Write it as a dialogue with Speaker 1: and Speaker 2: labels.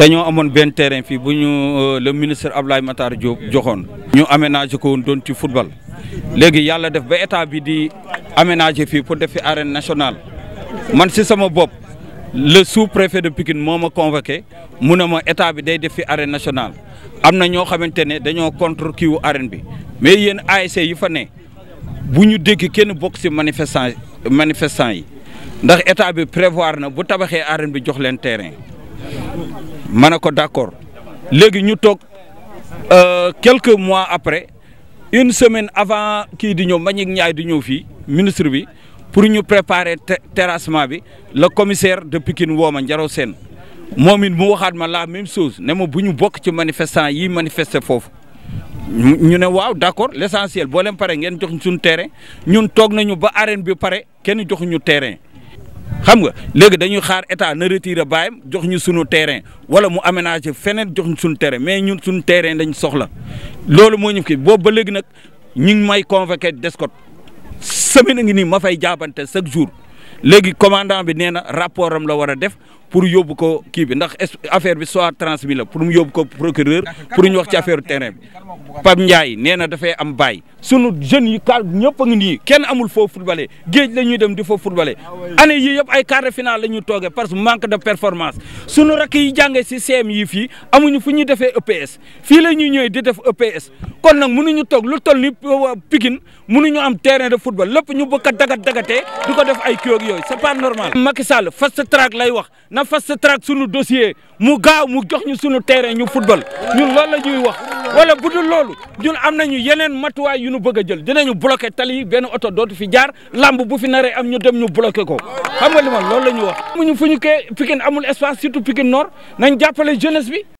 Speaker 1: dañoo amoon benn terrain fii bu ñu euh, le ministre Abdoulaye Matar joxoon. ñu aménagé ko woon doon ci football léegi yàlla def ba état bi di aménagé fii pour def fi arène nationale man si sama bopp le sous-préfet de Pikine moo ma convoqué mu a ma état bi day def fi arène nationale am na ñoo xamante ne dañoo contre kii wu arène bi mais yéen ASC yi fa ne bu ñu dégg kenn bokk si manifestant manifestant yi ndax état bi prévoir na bu tabaxee arène bi jox leen terrain. Manako ne d'accord léegi ñu euh, quelques mois après une semaine avant kii di ñëw Mbagnick Ndiaye di ministre bi pour ñu préparer terrassement bi le commissaire de Pikine woo ma Sen, Sène moom it mu ma la même chose ne ma bu ñu bokk ci manifestant yi manifester foofu ñu ne waaw d'accord l'essentiel boo leen pare ngeen jox suñu terrain ñun toog nañu ba arène bi pare kenn joxuñu terrain xam nga léegi dañuy xaar état na retiré baayam jox ñu sunu terrain wala mu aménager feneen jox ñu sunu terrain mais ñun sunu terrain dañ soxla loolu moo ñu fi boobu ba léegi nag ñu ngi may convoqué DSCOS semaine ngi nii ma fay jaabante chaque jour. léegi commandant bi nee na rapport am la war a def pour yóbbu ko kii bi ndax affaire bi soit transmis la pour mu yóbbu ko procureur pour ñu wax ci affaire terrain bi Pape Ndiaye nee na dafay am baay sunu jeunes yi kaal ñëpp a ngi kenn amul foo footballé géej la ñuy dem di foo footballé ah année yii yëpp ay quart de finale la tooge toogee parce que manque de performance sunu rakk yi jàngee si CM yi fii amuñu fu ñuy defee EPS fii la ñuy ñëwee di def EPS kon nag ñu toog lu toll ni Pikine mënuñu am terrain de football lépp ñu bëgg a dagat dagatee yooyu ak yooyu c'est pas normal. Macky Sall fast track lay wax na fast track sunu dossier mu gaaw mu jox ñu sunu terrain ñu football ñun loolu la ñuy wax wala bu dul loolu ñun am nañu yeneen matuwaay yu nu bëgg a jël dinañu bloqué tali yi benn oto dootu fi jaar lamb bu fi naree am ñu dem ñu bloqué ko xam nga li loolu la ñuy wax. amuñu fu ñu kee Pikine amul espace surtout Pikine Nord nañ jàppale jeunesse bi.